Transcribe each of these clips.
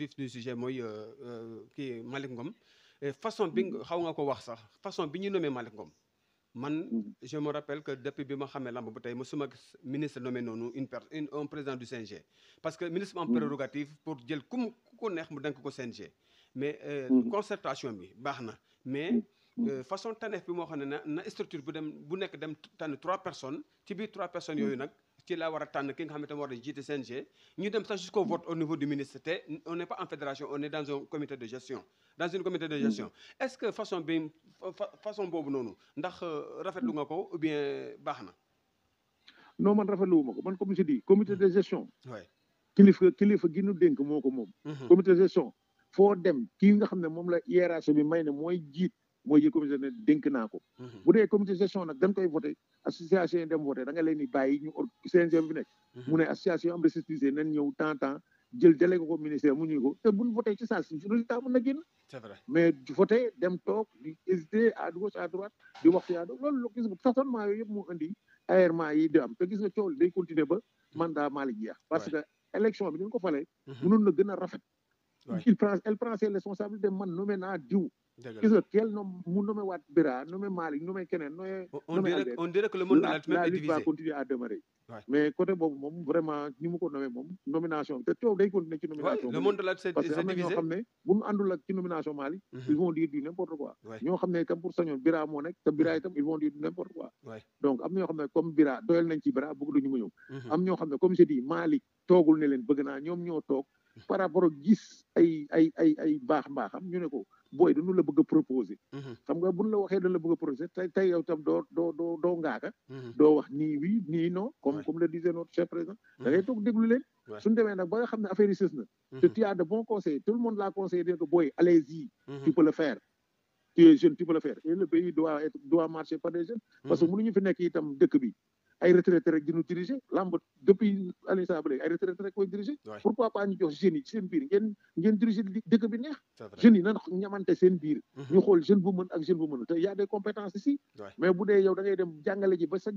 vif du sujet mooy qui euh, euh, malik Ngom façon bi mm. xaw nga ko wax sax façon bi ñu nommé malik Ngom man mm. je me rappelle que depuis bima xamé lamb bu tay musuma ministre nommé nonu une un président du CNG parce que ministre en mm. prérogative pour jël kum ku ko neex mu dank ko CNG mais euh, concertation bi baxna mais façon tanef bi mo xam une na structure bu dem bu nek dem tànn trois personnes ci bi trois personnes qui a jusqu'au vote au niveau du ministère. on n'est pas en fédération on est dans un comité de gestion dans une comité de mm. gestion est-ce que façon bien, façon non, ndax euh, rafetlu Raphaël ou bien non comme je dis comité de mm. gestion qu'il faut gi mm-hmm. comité de gestion il faut mooy yëg comité ne dénk naa ko mhm. bu dee comité gestion nag dañ koy voté association yi dem voté da nga leen di bàyyi mhm. mu ne association am restitué nañ ñëw temps temps jël délégué ko ministère mu ñuy ko te buñ voté ci saa si résultat mën na génn mais voté dem toog di hésité à gauche droite di wax fi à droite loolu gis nga façonnement yooyu yëpp moo indi aérement yi di am te gis nga coow day continuer ba mhm. mandat Malick jeex parce que élection bi ñu ko falee mënoon na gën a rafet il prend elle prend ses responsabilités man gis nga teel nom mu nommé waat Bira nommé Malick nommé keneen nommé nommé on dirait que le monde de la la lutte va continuer à demeurer mais côté boobu moom vraiment ñi mu ko nommé moom nomination bi te coow day continuer ci nomination le monde de la ne bu ñu àndul ak ci nomination Malick mhm. ils vont dire du n'importe quoi ñoo ne itam pour sañoon Bira moo nekk te Bira mhm. itam ils vont dire du n'importe quoi donc am na ne comme Bira doyal nañ ci mhm. ne leen bëgg naa ñoom ñoo toog par ay ay ay ay ñu ne ko boy dañu la bëgg proposer mhm. xam nga buñ la waxé dañ la bëgg proposer tay tay yow tam do do do doo ngaaka. Mhm. do wax ni wi ni non. comme comme le disait notre chef président. Mhm. da ngay tok déglu leen. suñu demee nak ba nga xam affaire yi sës na. te tu as de bons conseils tout le monde l'a conseillé que boy allez-y. tu peux le faire. tu es jeune tu peux le faire et le pays doit être doit marcher par des jeunes. parce que mënuñu fi nek itam dëkk bi. ay retraités rek dinu diriger lamb depuis Alioune Sarr ba léegi ay retraités rek koy diriger. pourquoi pas ñu jox jeunes yi seen biir ngeen ngeen diriger dëkk bi neex. ñamante seen biir. Mhm. ñu xool jeune bu ak jeune bu mënul te y a des compétences ici. mais bu dee yow dem jàngale ji ba sa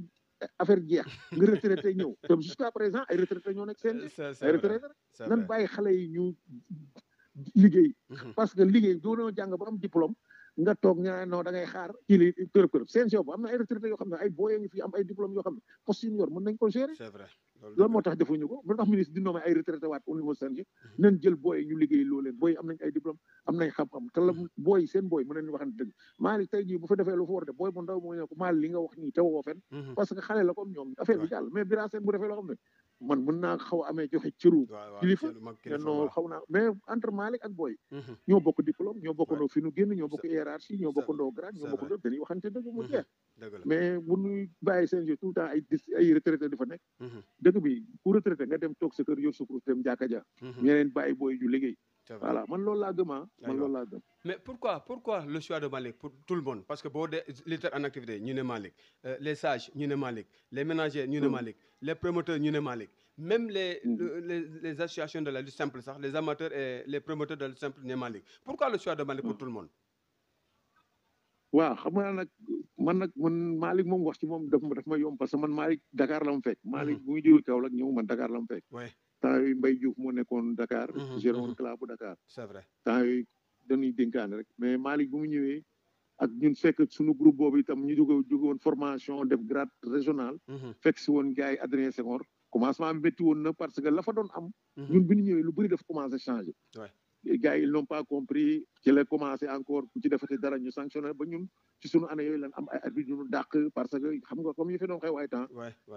affaire jeex nga retraité ñëw dem jusqu'à présent ay retraités nekk seen ay retraités nan bàyyi xale yi ñu liggéey. Mhm. parce que liggéey doo doon jàng ba am diplôme. nga toog ñaa non da ngay xaar kii li kërëb kërëb CNG bu am na ay retraité yoo xam ne ay booyee ngi fi am ay diplôme yoo xam ne poste yu ñu nañ ko gérer c'est moo tax defuñu ko lu tax ministre di nommé ay mm-hmm. diplôme am nañ xam-xam te mm-hmm. booy seen booy mën nañ waxante dëgg Malick tey jii bu fa defee lu war de booy bu ndaw moo ne ko wax nii fen mm-hmm. parce que xale la comme ñoom affaire bi jàll mais Bira Sène bu defee loo xam ne man mën a xaw a amee joxe cëru kilifa non xaw naa mais entre Malick ak Boy mhm. ñoo bokk diplôme ñoo bokkandoo fi nu génn ñoo bokk hiérarchie ñoo bokkandoo grade ñoo bokkandoo dañuy waxante dëgg mu mhm. jeex mais bu ñuy bàyyi tout temps ay ay retraité di fa nekk mhm. dëgg bi ku retraité nga dem toog sa dem jàkka ja ñeneen bàyyi booy ju liggéey voilà man loolu laa demain. Ah. man mais pourquoi pourquoi le choix de Malik pour tout le monde parce que pour littéralement en activité ñu ne Malick euh, les sages nous ne Malik. les ménagers nous ne hmm. Malik. les promoteurs nous ne Malik. même les hmm. les les associations de la lutte simple sax les amateurs et les promoteurs de la lutte simple nous sommes Malick pourquoi le choix de Malik pour hmm. tout le monde. Wa, xam nga nag man Malik man Malick moom wax ci moom daf ma daf parce que man Malick Dakar la mu fekk. Malick bu ñu jógee Kaolack ñëw man Dakar la mu Malik. temps yooyu Mbaye Diouf moo nekkoon Dakar. Mhm, mhm. géré woon club bu Dakar. c'est vrai temps yooyu dañuy dénkaane rek mais Malick bu mu ñëwee ak ñun fekk sunu groupe boobu itam ñu jóge jóge woon formation def grade régional. Mhm. fekk si woon gars yi Adrien Senghor commencement métti woon na parce que lafa doon am. ñun bi ñu ñëwee lu bëri dafa commencé changé. gars yi ils n'ont pas compris ci la commencé encore ku ci ba ñun ci sunu année yooyu lan am ay arbitre yu ñu parce que xam nga comme yu fi doon temps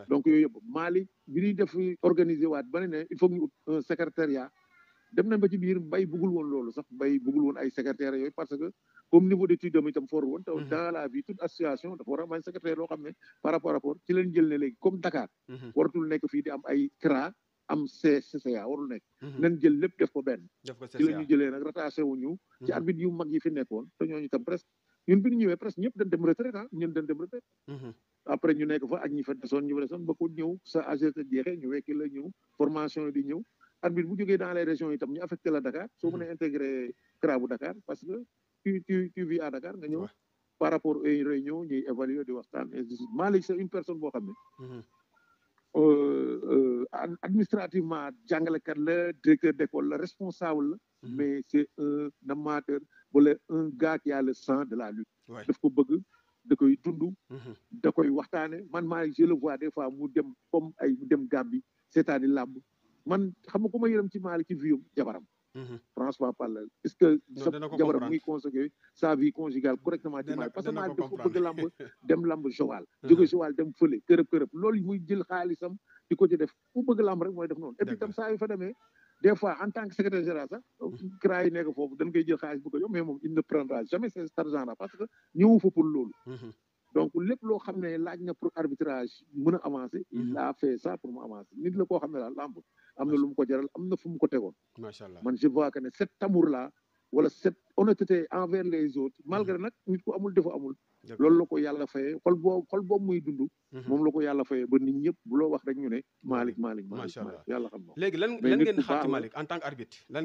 donc yooyu Mali bi def organiser waat ba ne il faut ñu ut un secrétariat dem nañ ba ci bay bëggul woon loolu sax bay bëggul woon ay secrétaire yooyu parce que comme niveau d'étude dam itam fort woon te mm-hmm. dans la vie toute xam ne par rapport rapport ci leen jël ne léegi comme Dakar mm-hmm. waratul nekk fii am am CCA warul nekk mhm. nan jël lépp def ko benn ci la ñu jëlee nag rattaché wuñu ci mhm. arbitre yu mag yi fi nekkoon te ñooñu tam presque ñun bi ñu ñëwee presque ñëpp dañ dem retraite ah ñun dañ dem retraite mhm. après ñu nekk fa ak ñi fa desoon ñu fa ba ko ñëw sa AGT jeexee ñu wekki la ñëw formation di ñëw arbitre bu jógee dans les régions itam ñu affecté la Dakar soo mën a intégré CRA Dakar parce que tu tu tu vis à Dakar nga ñëw par rapport ay réunion ñuy évaluer di waxtaan Malick c'est une personne boo xam ne euh, euh, administrativement jàngalekat la directeur d'école la responsable la mhm. mais c'est un amateur wala un gars qui a le sang de la lutte daf ko bëgg da koy dund mhm. da koy waxtaane man maa je le vois des fois mu dem comme ay mu dem Gambie seetaani làmb man xam nga ko ma yërëm ci maali ci vium jabaram Mhm. franchement parlant est-ce que sa jabar muy conseiller sa vie conjugale correctement dimanche parce que maa dafa bëgg lamb dem lamb Joal jóge dem fële kërëb kërëb loolu muy jël xaalisam di ko ci def ku bëgg lamb rek mooy def noonu et puis tam saa fa demee des en tant que secrétaire sax euh, CRA yi foofu dañ jël xaalis bu ko jox moom il prendra jamais cet argent là parce que ñëwu fa pour loolu mhm. donc lépp loo xam ne laaj na pour arbitrage mën a avancer. il mhm. a fait pour mu avancer nit la koo xam ne daal lamb am na lu mu ko jaral am na fu mu ko tegoon. macha allah man je vois que ne cet amour là wala cette honnêteté envers les autres malgré mhm. nag nit ku amul defo amul. loolu la ko yàlla fayee xol boobu xol boobu muy dund. Mhm. moom la ko yàlla ba nit ñëpp bu loo wax rek ñu ne. Malick Malick Malick yàlla xam na léegi lan ngeen di xaar ci Malick en tant que arbitre lan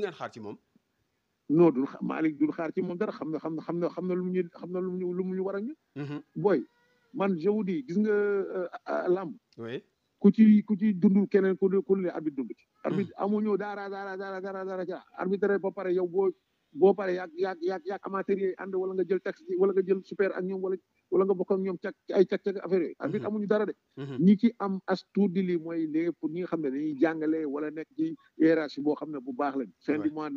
ngeen non dul Malick dul xaar ci moom dara xam na xam na xam na xam na lu mu ñu xam na lu mu lu mu ñu war a mm-hmm. booy man je vous dis gis nga euh, euh, làmb. oui ku ci ku ci dundul keneen ku ne ku ne arbitre dund ci. Mm-hmm. arbitre amuñu daara daara daara ja daara ca arbitre ba pare yow boo boo pare yàgg yàgg yàgg yàgg amateurs ànd wala nga jël taxi wala nga jël super ak ñoom wala nga bokk ñoom càkk ay càkk càkk affaire yooyu. arbitre mm-hmm. amuñu dara de. ñi ci am as tuuti lii mooy lépp ñi nga xam ne dañuy jàngale wala nekk ci hiérarchie boo xam ne bu baax lañ. fin du mois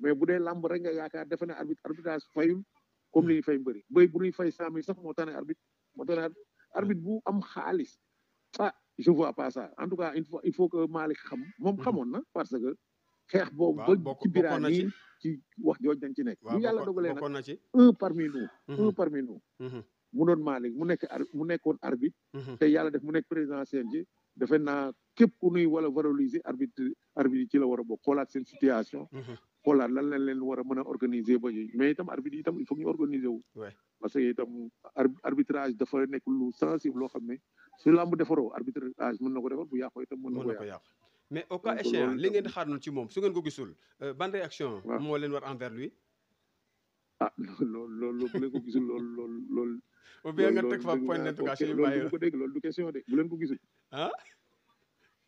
mais bu dee lamb rek nga yaakaar defe ne arbitre arbitrage fayul comme li ñuy fay mbëri mbéy bu ñuy fay cent mille sax moo tane arbitre moo tane arbitre bu am xaalis ah je vois pas ça en tout cas il faut que Malick xam moom mhm. xamoon na parce que xeex boobu ba ci biraan yi ci wax jooj dañ ci nekk bu yàlla dogalee nag un parmi nous mhm. un parmi nous mhm. mu nekk mu nekkoon arbitre te yàlla def mu nekk président CNG defe naa képp ku nuy wala valoriser arbitre arbitre yi ci la war bo bokk xoolaat seen situation xoolaat lan lañ leen war a mën a organiser ba yooyu mais itam que itam arbitrage dafa nekk lu sensible loo xam ne su làmb defaroo arbitrage mën na ko defar bu yàqoo itam mën na ko yàq. mais au cas échéant li ngeen xaar noonu ci moom su ngeen ko gisul euh, ban réaction. moo leen war envers lui. ah loolu loolu bu leen ko gisul lool loolu loolu. ou bien nga teg ko dégg loolu bu leen ko gisul.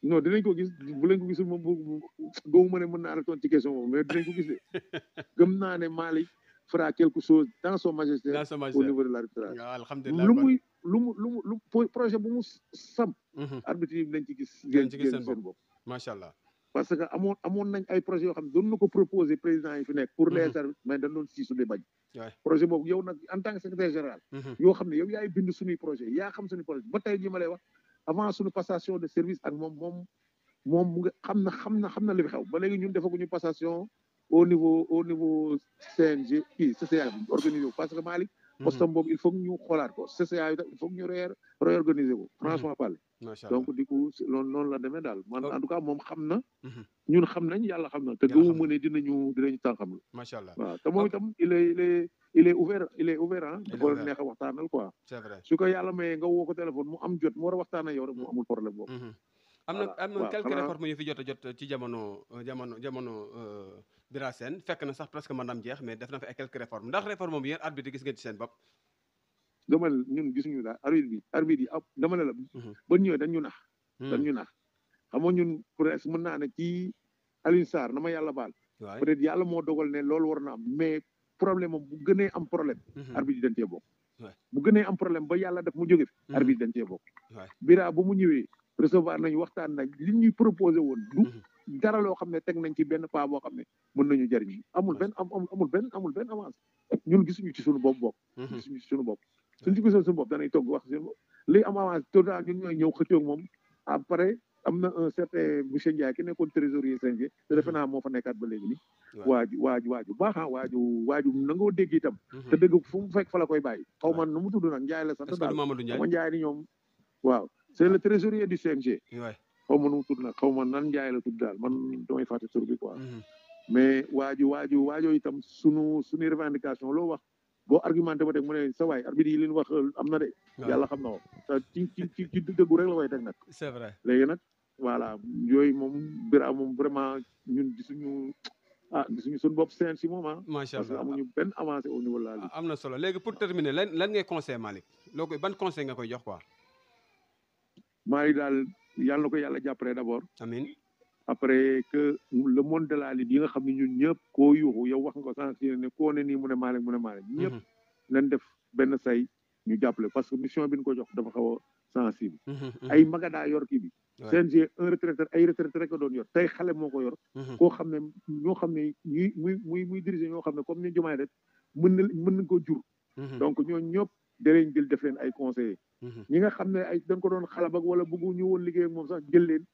non dinañ ko gis bu leen ko gisul moom boobu ma ne mën la tontu ci question boobu mais dinañ ko gis de gëm naa ne Malick fera quelque chose dans son magistère au niveau de l'arbitrage ah, lu muy lu mu lu mu projet bu mu sam mhm. arbitre yi nañ ci gis génn seen parce que amoon nañ ay projets yoo xam ne doon na ko proposé président yi fi pour mhm. les arbitres mais dañ doon siisu di bañ projet boobu yow nag en tant que général mhm. yoo xam ne yow yaay bind suñuy projet yaa xam suñuy projet ba tey ji ma avant suñu passation de service ak mom mom mom xamna xamna xamna na xam na li xew ba légui ñun defagu ñu passation au niveau au niveau CNG kii CCA bi organisé parce que Malik hmm. postam boobu il faut ñu xoolaat ko CCA il faut ñu réer réorganiser ko hmm. franchement parler donc du coup loolu noonu la démé dal man oh. en tout cas mom xamna hmm. ñun xamnañ yalla xamna te gëwu mu ne dinañu dinañu tànxam la macha allah waaw te mom tam il est il est il est ouvert il est ouvert ah. dafa la neex a waxtaanal quoi. c'est vrai su ko yàlla mayee nga woo téléphone mu am jot mu war a waxtaan rek mu mm-hmm. amul problème boobu. Mm-hmm. am na am na quelques réformes yu fi jot jot ci jamono euh, jamono euh, Bira Sène fekk na sax presque maanaam jeex mais def na fa ay quelques réformes ndax réforme bi yéen arbitre gis ngeen ci seen bopp. dama ñun gisuñu daal arbitre bi arbitre yi ah, dama ne la. Mm-hmm. ba ñëwee ñu nax. Mm. dañ ñu nax xam nga ñun presque mën naa ne ci Alioune Sarr na ma a baal. peut-être yàlla problème am bu gënee am problème mhm. arbitre yi dañ cee bokk bu gënee am problème ba yàlla def mu jóge fi mhm. arbitre dañ cee bokk bira bu mu ñëwee recevoir nañ waxtaan nañ li ñuy proposé woon du mhm. dara loo xam ne teg nañ ci benn pas boo xam ne mën nañu jëriñ amul benn amul benn amul benn avance ñun gisuñu ci suñu bopp bopp gisuñu ci suñu bopp suñ ci gisoon suñu bopp danañ togg wax suñu bopp am avance tourna ñun ñëw xëccoog moom après am na un certain monsieur Ndiaye ki nekkoon trésorier CNG te defe mhm. naa moo fa nekkaat ba léegi ni waaju waaju waaju baax ah waaju waaju nangoo dégg itam mhm. te dégg fu mu fekk fa la koy baay xaw ma nu mu tudd nag Ndiaye la sant daal ma Ndiaye ni ñoom waaw c'est le trésorier du CNG xaw ma nu mu tudd xaw ma nan Ndiaye la tudd daal man damay fàtte tur bi quoi mhm. mais waaju waaju waajoo itam sunu suñu revendication loo wax boo argumenté ba teg mo ne sa waay arbitre yi leen wax euh, am na de yàlla xam na ko ci ci ci dëggu rek la koy teg nag c'est vrai léegi nag voilà yooyu moom Bira moom vraiment ñun gisuñu ah gisuñu suñu bop seen si moom ah. macha allah parce que amuñu benn avancée au niveau de ah, am na solo léegi pour terminer lan lan ngay conseil Malick loo koy ban conseil nga koy jox quoi. Malick daal yàlla na ko yàlla jàppale d' abord. amiin après que le monde de la yi nga xam ne ñun ñëpp koo yuuxu yow wax nga ko sànq si ne koo ne nii mu ne Malick mu ne Malick. Mhm. def benn say ñu jàppale parce que mission bi ñu ko jox dafa xaw sensible mhm, mhm. ay maga daa yor ki bi CNG un retraité ay retraité rek doon yor tey xale moo ko yor mhm. koo xam ne ñoo xam ne ñuy muy muy muy ñoo xam ne comme ñu jumaay rek mën na mën nañ ko jur donc ñoo ñëpp danañ jël def leen ay conseillers ñi nga xam ne ay dañ ko doon xalab ak wala bëggu ñu woon liggéey ak moom sax jël leen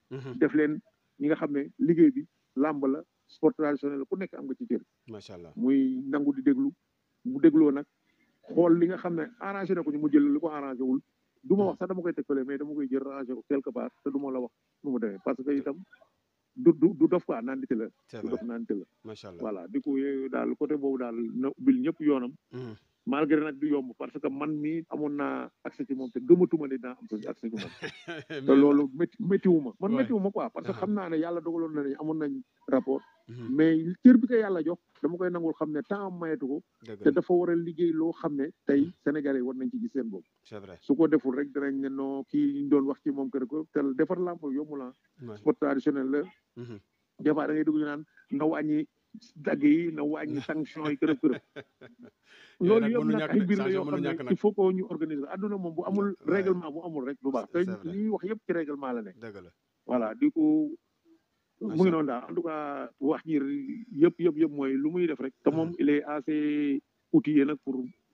def leen ñi nga xam ne liggéey bi làmb la sport traditionnel la ku nekk am nga ci cër macha muy nangu di déglu bu dégloo nag xool li nga xam ne arrangé na ko ñu mu jël li ko arrangé wul du ma hmm. wax da ma koy tëkkale mais dama koy jël ranger quelque part te du ma la wax nu mu demee parce que itam du du du dof quoi naandite la. du dof naandite la. macha allah voilà di ko daal côté boobu daal na ubbil ñëpp yoonam. Hmm. malgré nag du yomb parce que man mii amoon naa accès ci moom te gëmatuma ne dinaa accès ci moom te loolu métti méttiwu ma man méttiwu ma quoi parce que uh-huh. xam naa ne yàlla dogaloon na ne amoon nañ rapport mm-hmm. mais cër bi ko yàlla jox dama koy nangul xam ne temps am mayetu ko te dafa war a liggéey loo xam ne tey mm-hmm. sénégalais war nañ ci gis seen bopp c'est vrai su ko deful rek dinañ ne non kii ñu wax ci moom que ne ko te defar lamp yomb la ah. sport traditionnel la mm-hmm. des fois da ngay dugg ñu naan dagg yi na wàññi sanction yi kërëb kërëb loolu yëpp nag ay mbir la yoo xam ne ñu organiser adduna moom bu amul réglement bu amul rek du baax te li wax yëpp ci règlement la ne voilà du coup mu ngi noonu wax ji yëpp yëpp yëpp mooy lu muy def rek te moom il est assez outillé nag pour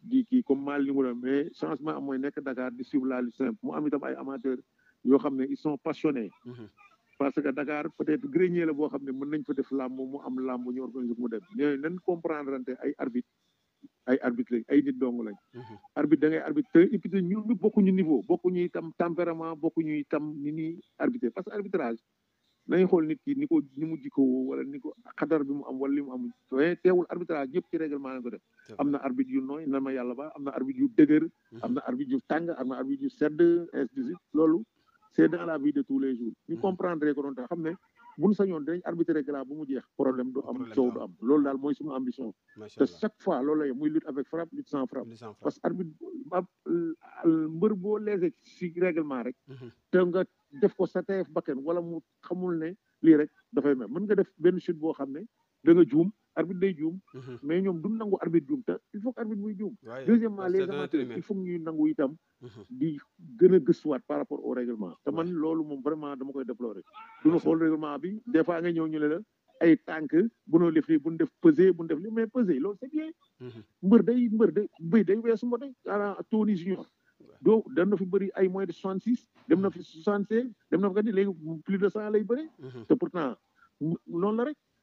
di kii comme mal ni mu doon mais changement am mooy nekk Dakar di suivre la simple mu am itam ay amateurs yoo xam ne ils sont passionnés. Mhm. parce que Dakar peut-être grenier la boo xam ne mën nañ fa def làmb mu am làmb ñu organiser mu dem mais nañ comprendre ante ay arbitre ay arbitre ay nit dong lañ. Mhm. arbitre da ngay te et puis ñun bokkuñu niveau bokkuñu itam tempérament bokkuñu itam ni ñuy arbitrer parce que arbitrage. nañu xool nit ki ni ko ni mu jikkoo wala ni ko xadar bi mu am wala li mu am waaye eh, teewul arbitrage yëpp ci règlement lañ ko def am na arbitre yu nooy na ma yàlla ba am na arbitre yu dëgër mhm. am na arbitre yu tàng am na arbitre yu sedd ainsi de suite loolu c'est dans la vie de tous les jours ñu mhm. comprendre ko doon tax xam ne buñ sañoon dinañ arbitré gala bu mu jeex problème du am coow du am loolu daal mooy suñu ambition te chaque fois loolu la muy lutte avec frappe lutte sans frappe parce que arbitre mbër boo léegi ci règlement rek mhm. te nga def ko sa teef bakken wala mu xamul ne lii rek dafay mel mën nga def benn chute boo xam ne da juum arbitre day juum. Mhm. mais ñoom du nangu arbitre juum te il faut que arbitre juum. deuxièmement les amateurs il faut ñuy nangu mhm. a gëstuwaat par rapport au règlement. te man loolu moom vraiment dama koy déplorer. du ñu xool règlement bi des fois ñu ne la ay tànk bu ñu mais pesé loolu c'est bien. Mhm. mbër day mbër day doo dem na fi bëri ay moins de soixante six dem na fi soixante de cent lay bëri. te pourtant noonu la rek.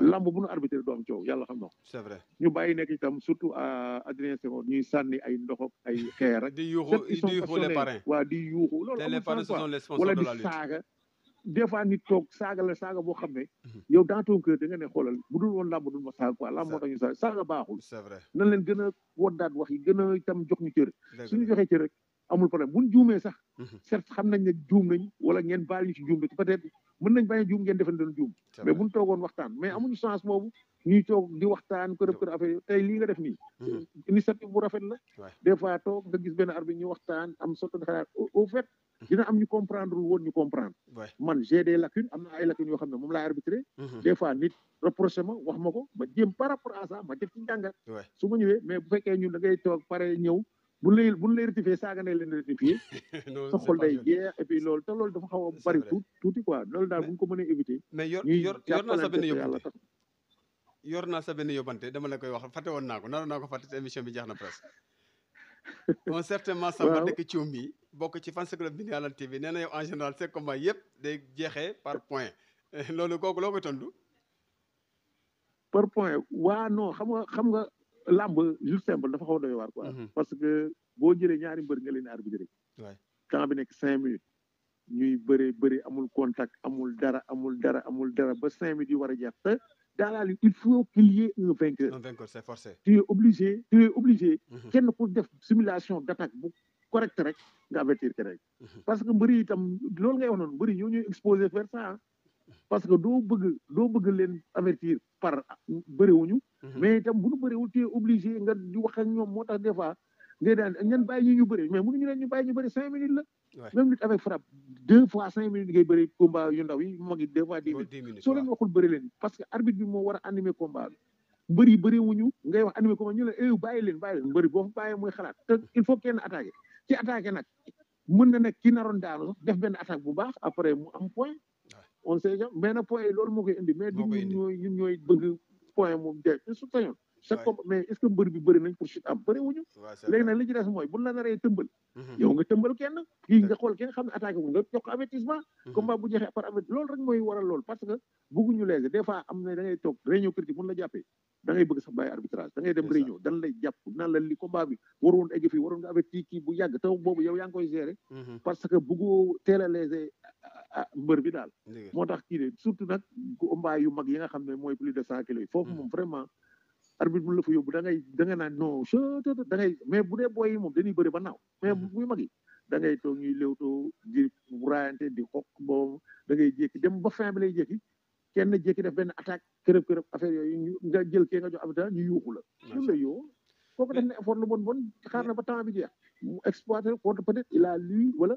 lamb bu nu arbitré du am coow yàlla xam na ko. c'est vrai ñu bàyyi nekk itam surtout Adrien Senghor ñuy sànni ay ndoxok ay xeer ak. di yuuxu di yuuxu les di yuuxu loolu amul quoi wala di saaga. des fois nit toog saaga la saaga boo xam ne. Mhm. yow dans ton cœur da nga ne xoolal bu dul woon làmb dul ma saaga quoi làmb moo tax ñu saaga saaga baaxul. c'est vrai nan leen gën a woddaat wax yi gën a itam jox ñu cër. suñu joxee cër rek amul problème bu ñu juumee sax. Mhm. certes xam nañ ne juum nañ wala ngeen baal ñu ci juum peut être mën nañ bañ a juum ngeen defal mais bu toogoon waxtaan mais mhm. amuñu chance boobu ñuy waxtaan ko def ko affaire tey lii nga def nii. Mhm. initiative bu rafet la. des fois toog nga gis benn arbitre ñu waxtaan am sotti xalaat au fait. am ñu comprendre woon ñu comprendre. man j'ai na ay lacunes yoo xam ne moom laay arbitré. des nit reproché wax ma ko ma jéem par rapport à ma def ci njàngat. su ma ñëwee mais bu fekkee ñun da ngay toog pare ñëw. buñ lay buñ lay rectifié saaga ne leen rectifié sa xol day jeex et puis loolu te dafa xaw a bari tuuti tuuti quoi daal bu ñu ko mënee éviter mais yor yor yor naa sa sa benn yóbbante dama la koy wax fàtte woon naa ko naroon émission bi jeex na presque bon certainement Samba dëkk Thioum yi bokk ci fan club bi Bignona TV nee na en général seen combat yëpp day jeexee par point loolu kooku loo koy par point waa non xam nga làmb jeu simple dafa xaw a doy waar quoi. Mhm. parce que boo jëlee ñaari mbër nga leen arbitré. waay temps bi nekk cinq minutes. ñuy bëree bëri amul contact amul dara amul dara amul dara ba cinq minutes yu war a jeex te dans il faut qu'il y ait un vainqueur. un vainqueur c'est forcé. tu es obligé tu es obligé. Mhm. kenn ku def simulation d'attaque bu correct rek nga avertir ke rek. Mhm. parce que mbëri itam loolu ngay wax noonu mbëri ñoo ñuy exposé vers ça parce que doo bëgg doo bëgg leen avertir par bëriwuñu Mm-hmm. mais itam bu ñu bëriwul tu obligé nga di wax ak ñoom moo tax des fois ngay daan ñan bàyyi ñu ñu bëri mais mënuñu leen ñu bàyyi ñu bëri cinq minutes la. même lutte avec frappe deux yi mag yi deux fois dix minutes soo leen waxul bëri leen parce que arbitre bi moo war a animer combat bi wuñu ngay wax animé combat ñu ne eh leen bàyyi leen boo fa bàyyee muy xalaat il faut kenn attaqué ci attaqué nag mën na nekk ki naroon daanu def benn attaque bu baax après mu am point on sait point yi loolu moo koy indi mais du ñun ñooy bëgg point moom jaay te su tañoon chaque combat mais est ce que mbër bi bëri nañ pour chute am bëri wuñu léegi nag li ci des mooy la naree tëmbal mhm. yow tëmbal kenn kii nga xool kenn xam ne attaqué wu nga jox avertissement mhm. combat bu jeexee par avertissement loolu rek mooy waral loolu parce que bëgguñu léegi des am na da ngay toog réunion critique mun la jàppee da ngay sax bàyyi arbitrage da dem réunion dan lay jàpp naan la li combat bi waroon egg Ah, ah, mbër bi daal moo tax kii de surtout nag mbaay yu mag yi nga xam ne mooy plus de cent kilos yi foofu hmm. moom vraiment arbitre bu la fa yóbbu da ngay da nga naan non chetata mais bu dee booy moom dañuy bëri ba naaw mais hmm. muy mag yi da ngay toog ñuy léewtoo di raayante di xokk boobu da ngay jékki dem ba fin bi lay jékki kenn jékki def benn attaque kërëb kërëb affaire yooyu nga jël kee nga jox abita ñu yuuxu la ñun la yoo kooku def na effort lu bon bon xaar hmm. na ba temps bi jeex mu exploité contre peut-être il wala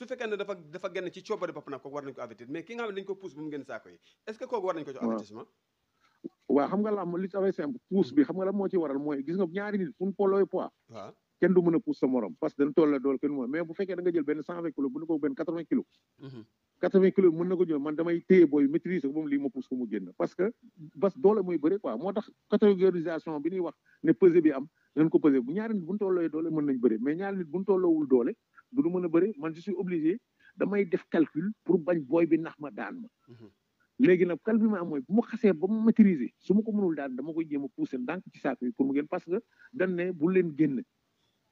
su fekkee ne dafa dafa ci coobare bopp nag kooku war nañ ko avertir mais ki nga xam ne dañ ko pousse bu mu génn saako yi est ce que kooku war nañ ko jox avertissement waaw xam nga làmb li tafay simple pousse bi xam nga la mooy bu fekkee da nga jël benn cent vingt kilos bu ne ko benn quatre vingt kilos mm-hmm. quatre vingt kilos mën na ko jël man damay téye booy maîtriser ko moom lii ma pousse ko mu génn parce doole mooy bëri quoi moo tax catégorisation bi bi du nu mën a bëri man si suis obligé damay def calcul pour bañ booy bi nax ma daan ma. Mhm. léegi nag calcul am mooy bu mu xasee ba mu maîtriser su ma ko mënul daan dama koy jéem a pousser ndànk ci saako yi pour mu génn parce que dañ ne bu leen génn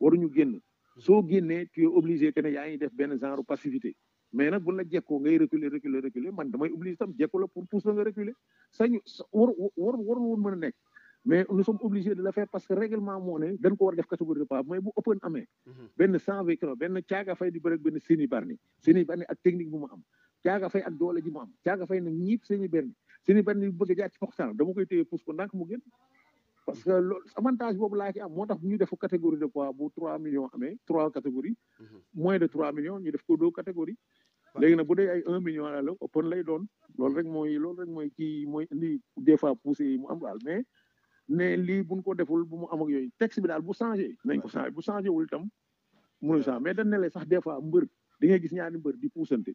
waruñu génn. Mhm. soo génnee tu es obligé que ngi def benn genre passivité mais nag bu la jekkoo ngay reculer reculer reculer man damay obligé tam jekku la pour pousser nga reculer sañu war war warul woon mën a nekk. mais nous sommes obligés de le faire parce que règlement moo bu ëppoon amee. Mhm. benn cent vingt benn caaga fay di bëreeg benn Séni Bargny Séni Bargny ak technique bu mu am caaga fay ak doole ji mu am caaga fay nag ñiib Séni Bargny Séni Bargny bëgg a jaar ci poxtaan dama koy téye pousse ko ndànk mu génn. parce que loolu boobu laa ci am moo tax ñu def catégorie de poids bu 3 millions amee 3 catégories. Mhm. moins de 3 millions ñu def ko dee ay mooy loolu rek mooy kii mooy indi ne lii bu buñ ko deful bu mu am ak yooyu texte bi daal bu changé nañ ko changé bu changé wul itam mënul sax mais dañ ne la sax des fois mbër di ngay gis ñaari mbër di puusante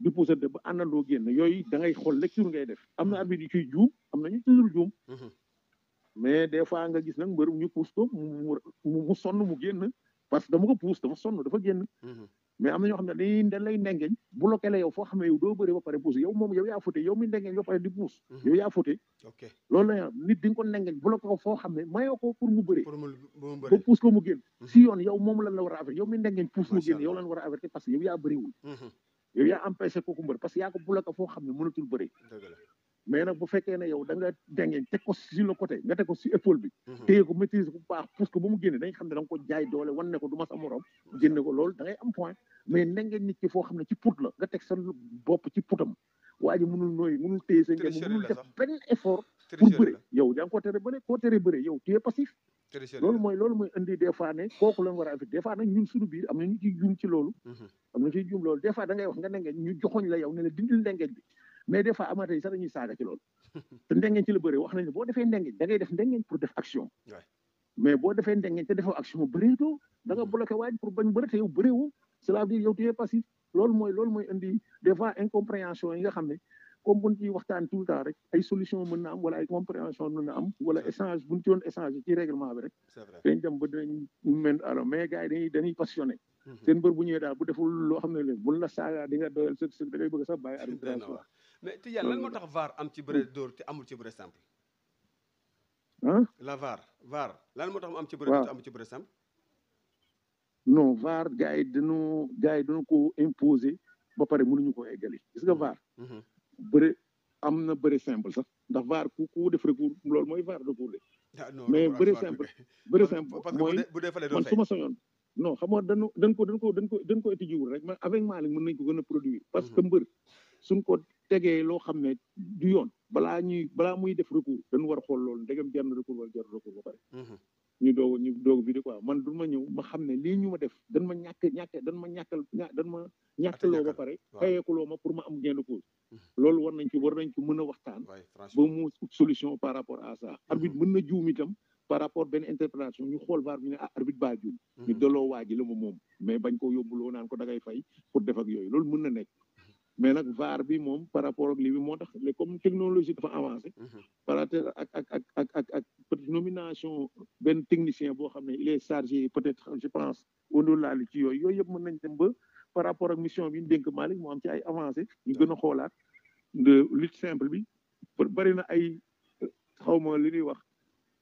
di puusante ba àndandoo génn yooyu dangay ngay xool lecture ngay def am na arbitre yu ciy juum am na ñu toujours juum mhm. mais des fois nga gis nag mbër ñu puus ko mu mu sonn mu génn parce que dama ko puus dafa sonn dafa génn mhm. mais am na ñoo xam ne dañuy dañ lay ndengeñ bloqué la yow foo yow doo bëri ba pare pousse yow moom yow yaa fute mhm. nit di ko ndengeñ bloqué ko foo xam ko pour mu bëri ba pousse ko mu mhm. si yoon yow moom lan la war a avertir yow mi ndengeñ pousse mu génn yow lan parce que yow yaa bëriwul mhm. xam ne mënatul bëri mais nag bu fekkee ne yow da nga denge teg ko si le côté nga teg ko si épaule bi. Mhm. téye ko maîtrise bu baax parce que bu mu génne dañ xam ne da ko jaay doole wan ne ko du ma sa morom. Mhm. génne ko loolu da ngay ki foo xam ne ci put la nga teg sa bopp ci putam waa ji mënul nooyi mënul téye sa ngeen mënul def benn effort. pour bëre yow yaa ko tere bëre koo tere bëre loolu mooy loolu mooy indi des fois ne kooku lañ war a invité des fois nag ñun suñu am na ñu ciy juum ci mhm. nga nengeeñ ñu joxoñ bi mais des fois amateur yi sax dañuy saaga ci loolu te ndengeñ ci la bëri wax nañu boo defee ndengeñ da def ndengeñ pour def action mais boo defee ndengeñ te defoo action bëreetoo da nga bloqué waaj pour bañ bëri te yow bëreewu cela veut dire loolu mooy loolu mooy indi des fois incompréhension yi nga xam ne comme buñ ciy waxtaan tout le temps rek ay solution mën na am wala ay compréhension mën na am wala échange buñ ci doon échange ci règlement bi rek dañ dem mhm. bu ñëwee xam ne leen buñ mais Tidiane lan moo tax VAR am ci bëre dóor te amul ci bëre simple. la VAR VAR lan moo tax mu am ci bëre dóor te ci bëre simple. non VAR gars yi dañoo gars yi dañoo ko imposer ba pare mënuñu ko eggali gis nga VAR. Mm-hmm. bëre am na bëre simple sax ndax VAR ku ku def recours loolu mooy VAR recours de. Ah, mais bëre simple bëre simple mooy man su ma soñoon non xam nga dañu dañ ko dañ ko dañ ko ko étudier rek man mën nañ ko gën a produire parce que mm-hmm. mbër suñ ko tegee loo xam ne du yoon balaa ñuy balaa muy def recours dañu war a xool loolu ndegam jar na recours wala jar recours ba pare mhm. ñu doog ñu doog bi di quoi man du ma ñëw ma xam ne lii ñu ma def dan ma ñàkk ñàkk dan ma ñàkkal dan ma ñàkkaloo ba pare fayeekuloo ma pour ma am gain de mhm. loolu war nañ ci war nañ ci mën a waxtaan ba mu solution par rapport à ça mhm. arbitre mën na juum itam par rapport benn interprétation ñu xool VAR bi ne ah arbitre baa juum ñu delloo waa ji la ma moom mais bañ ko yóbbuloo naan ko dangay fay pour def ak yooyu loolu mën na nekk mais nag VAR bi moom par rapport ak lii bi moo tax mais comme technologie dafa avancé. Mhm. par rapport ak ak ak nomination benn technicien boo xam ne il est chargé peut-être je pense au delà ci yooyu yooyu yëpp mën nañ dem ba par rapport ak mission bi ñu dénk Malick moo am ci ay avancé ñu gën a xoolaat de lutte simple bi bari na ay xaw ma li ñuy wax.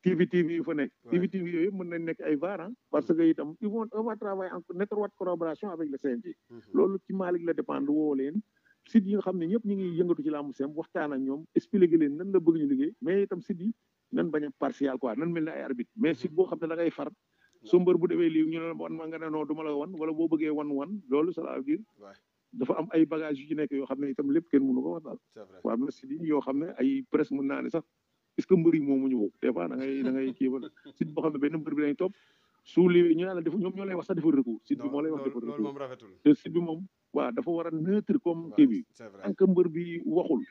TV TV yu fa nekk. TV mën nañ nekk ay VAR parce que itam ils vont on va travailler en étroite collaboration avec le CNG. Mhm. loolu ci Malick la dépendre wo leen. site yi nga xam ne ñëpp ngi yëngatu ci làmb sem waxtaan ak ñoom expliqué leen nan la bëgg ñu liggéey mais itam site yi nan bañ partial quoi nan mel ay arbitre mais site boo xam da ngay far su mbër bu demee lii ñu ne wan ma nga ne non du ma la wan wala boo bëggee wan wan loolu ça dire dafa am ay bagage yu nekk yoo xam itam lépp kenn mënu ko wax daal waaw mais site yi yoo xam ay presse mën naa ne sax est ce que mbër yi moomu ñu woo des fois da ngay da ngay wala benn bi su ñu la defu ñoom ñoo lay wax sax defu recours site bi moo lay wax defu recours bi waaw dafa war a neutre comme kii bi tant que mbër bi waxul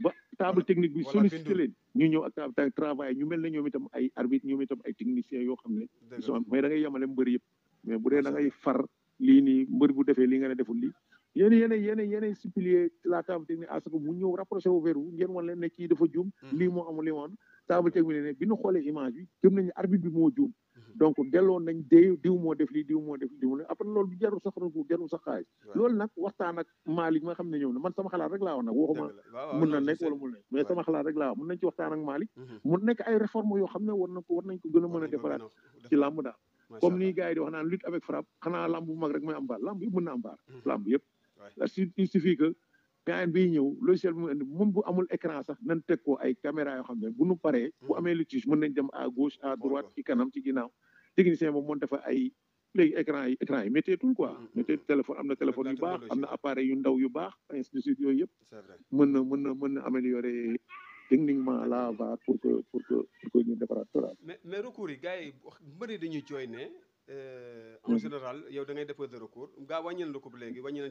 ba table technique bi sollicité leen ñu ñëw ak table travail ñu mel ne ñoom itam ay arbitre ñoom itam ay technicien yoo xam ne so mais da ngay yemale mbër yëpp mais bu dee da ngay far lii ni mbër bu defee li nga ne deful lii yéen yéen yéen yéen supplier la table technique à ce que mu ñëw rapproché wu vers vous ngeen wan leen ne kii dafa juum hmm. lii moo amul li saa ba ceeb bi ne bi ñu xoolee image bi gëm nañu arbitre bi moo juum donc delloo nañ déy diw moo def lii diw moo def lii diw après loolu bi jarul sax recours jarul sax xaalis loolu nag waxtaan ak Malick ma xam ne ñëw na man sama xalaat rek laa wax nag waxuma mun na nekk wala mun na mais sama xalaat rek laa wax mun nañ ci waxtaan ak Malick mhm. mu nekk ay réforme yoo xam ne war na ko war nañ ko gën a mën a defaraat ci làmb daal comme nii gars yi di wax naan làmb bu mag rek mooy am baar làmb yëpp mën na gaan biy ñëw logiciel bi mu indi moom bu amul écran sax nan teg ko ay caméra yoo xam ne bu nu paree bu hmm. amee litige mën nañ dem à gauche à droite ci kanam ci ginnaaw technicien moom moon dafa ay léegi écran yi écran yi métteetul quoi hmm, hmm, métteetul téléphone am na téléphone yu baax am na appareil yu ndaw yu baax ainsi de suite yooyu yëpp mën na mën na mën na améliorer techniquement la va pour que pour que pour que ñu defaraat mais mais recours yi gars yi bëri dañuy ne Euh, en mm. général yow da ngay déposer recours gaa wàññil la ko bu léegi wàññi nañ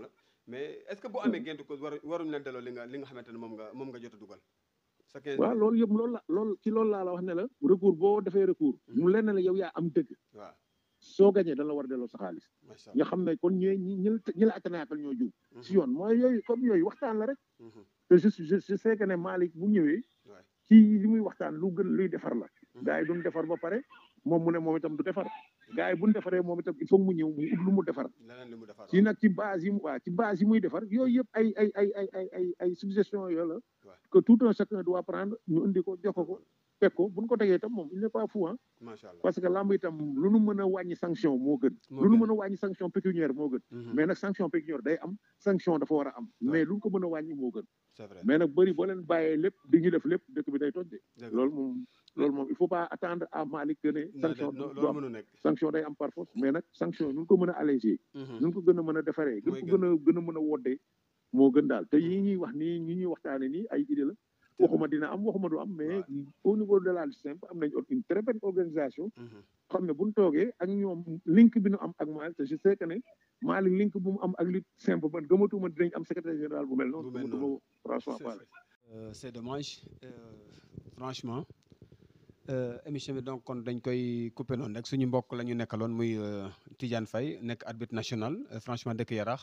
la mais est-ce que boo amee mm. gént ko war waruñu la li nga li nga moom nga jot a dugal sa 15 waaw lool la lool ci lool laa la wax ne la recours boo defee recours mm. mu lenn la yow yaa am dëgg soo gañee dañ la war a delloo sa xaalis nga xam ne kon ñooy ñi ñi la attané appel ñoo jub mm-hmm. si yoon mooy yooyu comme yooyu waxtaan la rek mm-hmm. te je je sais ne Malick bu ñëwee ci li muy waxtaan lu gën luy defar la mm-hmm. gars yi duñ defar ba pare moom mu ne moom itam du defar gars yi bu ñu defaree moom itam il faut mu ñëw mu ut lu mu defar si nag ci base yi muy defar yooyu yëpp ay ay ay ay ay ay suggestion yooyu la que tout un chacun doit prendre ñu indi ko jox ko fekk ko bu ñu ko tegee tam moom il n'est pas fou ah parce que lamb itam lu nu mën a wàññi sanction moo gën lu nu mën a wàññi sanction pécuniaire moo gën mm-hmm. mais nag sanction pécuniaire day am sanction dafa war am mais lu ñu ko mën a wàññi moo gën mais nag bëri boo leen bàyyee lépp di def lépp dëkk bi day toj de loolu moom il faut pas attendre à Malick que a sanction sanction day am par force mais nag sanction ñu ko mën a allégé mhm. ñu ko gën a mën a defaree gën a gën a mën a woddee moo gën daal te mhm. yi ñuy wax nii ñi ñuy waxtaane nii ay idée la waxuma dina am waxuma du am mais au niveau de la LISSEMP am nañ une très belle organisation mhm. xam ne bu ñu toogee ak ñoom link bi ñu am ak Malick te je sais que ne Malick link bu mu am ak lutte simple man gëmatuma dinañ am secrétaire général bu mel noonu gëmatuma franchement parler euh, c'est dommage euh, franchement Euh, émission bi donc kon dañ koy couper non rek suñu mbokk lañu ñu nekkaloon muy euh, Tidiane Faye nekk arbitre national euh, franchement dëkk yarax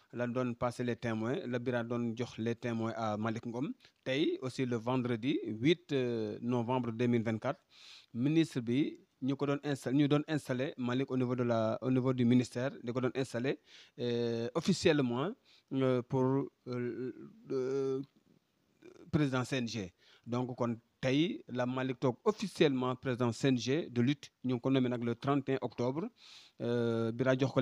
la donne passer les témoins Le bira donne les témoins à Malik Ngom Tay, aussi le vendredi 8 euh, novembre 2024 ministre bi nous ko installé au niveau de la au niveau du ministère nous donne installé euh, officiellement euh, pour président CNG donc kon tey la Malik Tok officiellement président CNG de lutte nous le 31 octobre bira jox ko